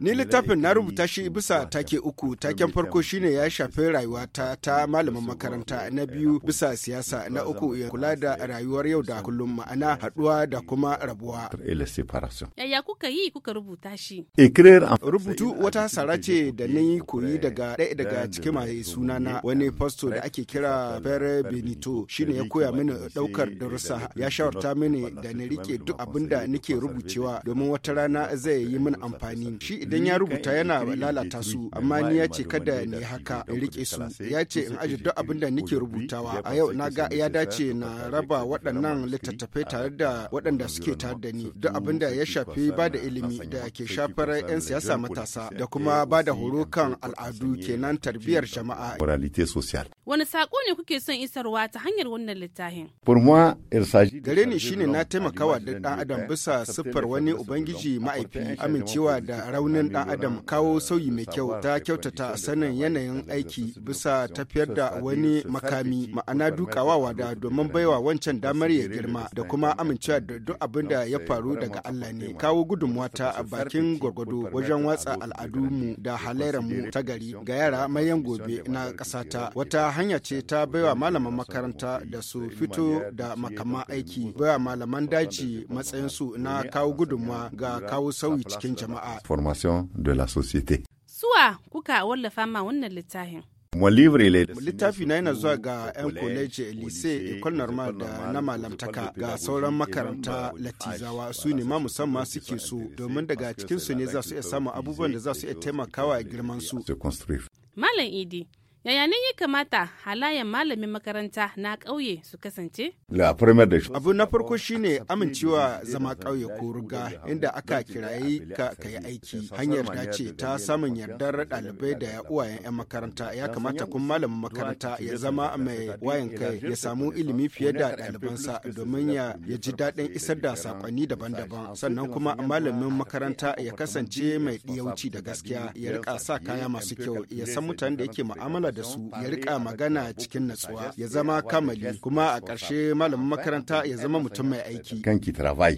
Ni littafin na rubuta shi bisa take uku, taken farko shine ya shafi rayuwata ta malaman makaranta, na biyu bisa siyasa, na uku ya kula da rayuwar yau da kullum ma'ana haɗuwa da kuma rabuwa. Yaya kuka yi kuka rubuta shi? Rubutu wata sara ce da na yi koyi daga ɗaya daga cikin mai sunana wani fasto da ake kira pere Benito shine ya koya mini ɗaukar darussa ya shawarta mini da na rike duk abin da nake rubucewa domin wata rana zai yi min amfani shi idan ya rubuta yana lalata su amma ni ya ce kada ne haka in rike su ya ce in aji duk abin da nake rubutawa a yau na ga ya dace na raba waɗannan littattafai tare da waɗanda suke tare da ni duk abin da ya shafi ba da ilimi da ke shafar 'yan siyasa matasa da kuma ba da horo kan al'adu kenan tarbiyyar jama'a wani saƙo ne kuke son isarwa ta hanyar wannan littafin gare ni shine na taimakawa da ɗan adam bisa siffar wani ubangiji ma'aifi amince zamantakewa da raunin ɗan adam kawo sauyi mai kyau ta kyautata sanin yanayin aiki bisa tafiyar da wani makami ma'ana dukawawa da domin baiwa wancan damar ya girma da kuma amincewa da duk abin da ya faru daga Allah ne kawo gudunmuwa ta a bakin gwargwado wajen watsa al'adu mu da mu ta gari ga yara mayan gobe na ƙasata wata hanya ce ta baiwa malaman makaranta da su fito da makaman aiki baiwa malaman daji matsayinsu na kawo gudunmuwa ga kawo sauyi cikin jama'a jama'a. Formation de la société. Suwa kuka wallafa ma wannan littafin. littafi na yana zuwa ga 'yan koleji lise ecole normal da na malamtaka ga sauran makaranta latizawa su ne ma musamman suke so domin daga cikinsu ne za su iya samun abubuwan da za su iya taimakawa a girman su. Malam Idi, yaya ya kamata halayen malamin makaranta na ƙauye su kasance? abu na farko shine amincewa zama ƙauye ko ruga inda aka kirayi ka aiki hanyar ce ta samun yardar ɗalibai da uwayen 'yan makaranta ya kamata kun malamin makaranta ya zama mai wayan kai ya samu ilimi fiye da ɗalibansa domin ya ji daɗin isar da sakonni daban-daban sannan kuma malamin makaranta ya kasance mai ɗiyauci da gaskiya ya rika sa kaya masu kyau ya san mutanen da yake mu'amala mu'amala da su ya rika magana cikin natsuwa ya zama kamali kuma a ƙarshe malamin makaranta ya zama mutum mai aiki.